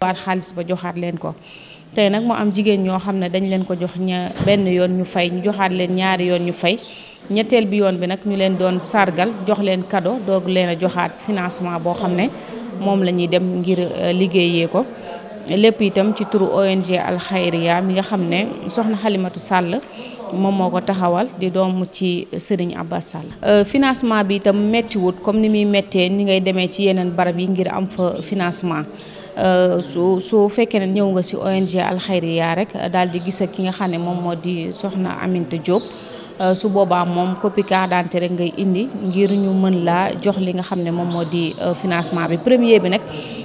waat xaalis ba joxaat leen ko tey nag mu am jigéen ñoo xam ne dañ leen ko jox ña benn yoon ñu fay ñu joxaat leen ñaari yoon ñu fay ñetteel bi yoon bi nag ñu leen doon sargal jox leen kado doog leen a joxaat financement boo xam ne moom la ñuy dem ngir euh, liggéeyee ko lépp itam ci turu ONG Al Khayriya mi nga xam ne soxna Xalimatu Sàll moom moo ko taxawal di doom ci Serigne ab Sall. Euh, financement bi itam méttiwut comme ni muy méttee ni ngay demee ci yeneen barab yi ngir am fa financement. Euh, su su fekkee ne ñëw nga si ONG Alxayriya rek daal di gis ki nga xam ne moom moo di soxna Aminta jóg euh, su boobaa moom copie carte d'identité rek ngay indi ngir ñu mën laa jox li nga xam ne moom moo di financement bi premier bi nag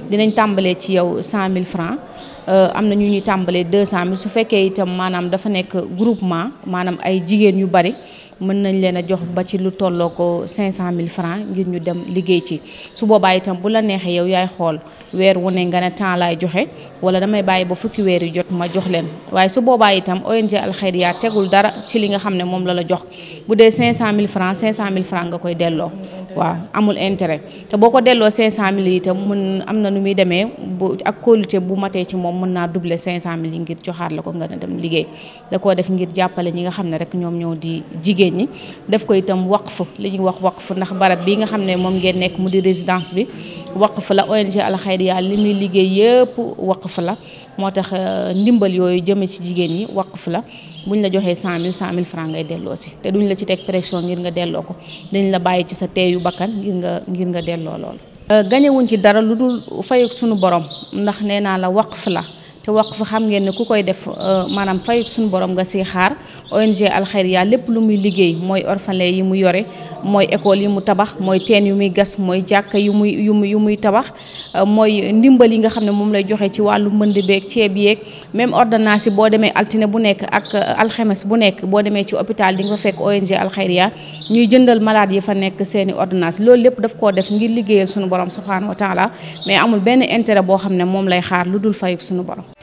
dinañ tàmbalee ci yow cent mille francs Euh, am na ñu ñuy tàmbalee deux cent mille su fekkee itam maanaam dafa nekk groupement maanaam ay jigéen yu bari mën nañ leen a jox ba ci lu tolloo ko cinq cent mille francs ngir ñu dem liggéey ci su boobaa itam bu la neexee yow yaay xool weer wu ne nga ne temps laay joxe wala damay bàyyi ba fukki weer yi jot ma jox leen waaye su boobaa itam ONG Al Khayriya tegul dara ci li nga xam ne moom la la jox bu dee cinq cent mille francs cinq cent mille francs nga koy delloo waaw amul intérêt te boo ko delloo 500000 yi itam mën am na nu muy demee bu ak kóolute bu matee ci moom mën naa doubler 500000 yi ngir joxaat la ko nga ne dem liggéey da koo def ngir jàppale ñi nga xam ne rek ñoom ñoo di jigéen ñi daf ko itam wax fu li ñuy wax wax fu ndax barab bi nga xam ne moom ngeen nekk mu di résidence bi wax waqfu la ONG Al Khayriyya li muy liggéey yëpp waqfu la moo tax euh, ndimbal yooyu jëme ci jigéen ñi waqf la ñu la joxee cent mille cent mille franc ngay delloo si te duñ la ci teg pression ngir nga delloo ko dañu la bàyyi ci sa teeyu bakkan ngir nga ngir nga delloo lool. Euh, gañewuñ ci dara lu dul fayuk suñu borom ndax nee naa la waqf la te waqf xam ngeen ne ku koy def euh, maanaam fayuk suñu borom nga siy xaar ONG Al Khairia lépp lu muy liggéey mooy orphelin yi mu yore. mooy école yi mu tabax mooy teen yu muy gas mooy jàkka yu muy yu muy yu muy tabax euh, mooy ndimbal yi nga xam ne moom lay joxe ci wàllu mbënd beeg ceeb yeeg même ordonnance boo demee altine bu nekk ak euh, alxemes bu nekk boo demee ci hôpital di nga fa fekk ONG Alxayria ñuy jëndal malade yi fa nekk seeni ordonnance loolu lépp daf koo def ngir liggéeyal suñu borom subhaanahu wa taala mais amul benn intérêt boo xam ne moom lay xaar lu dul fayuk suñu borom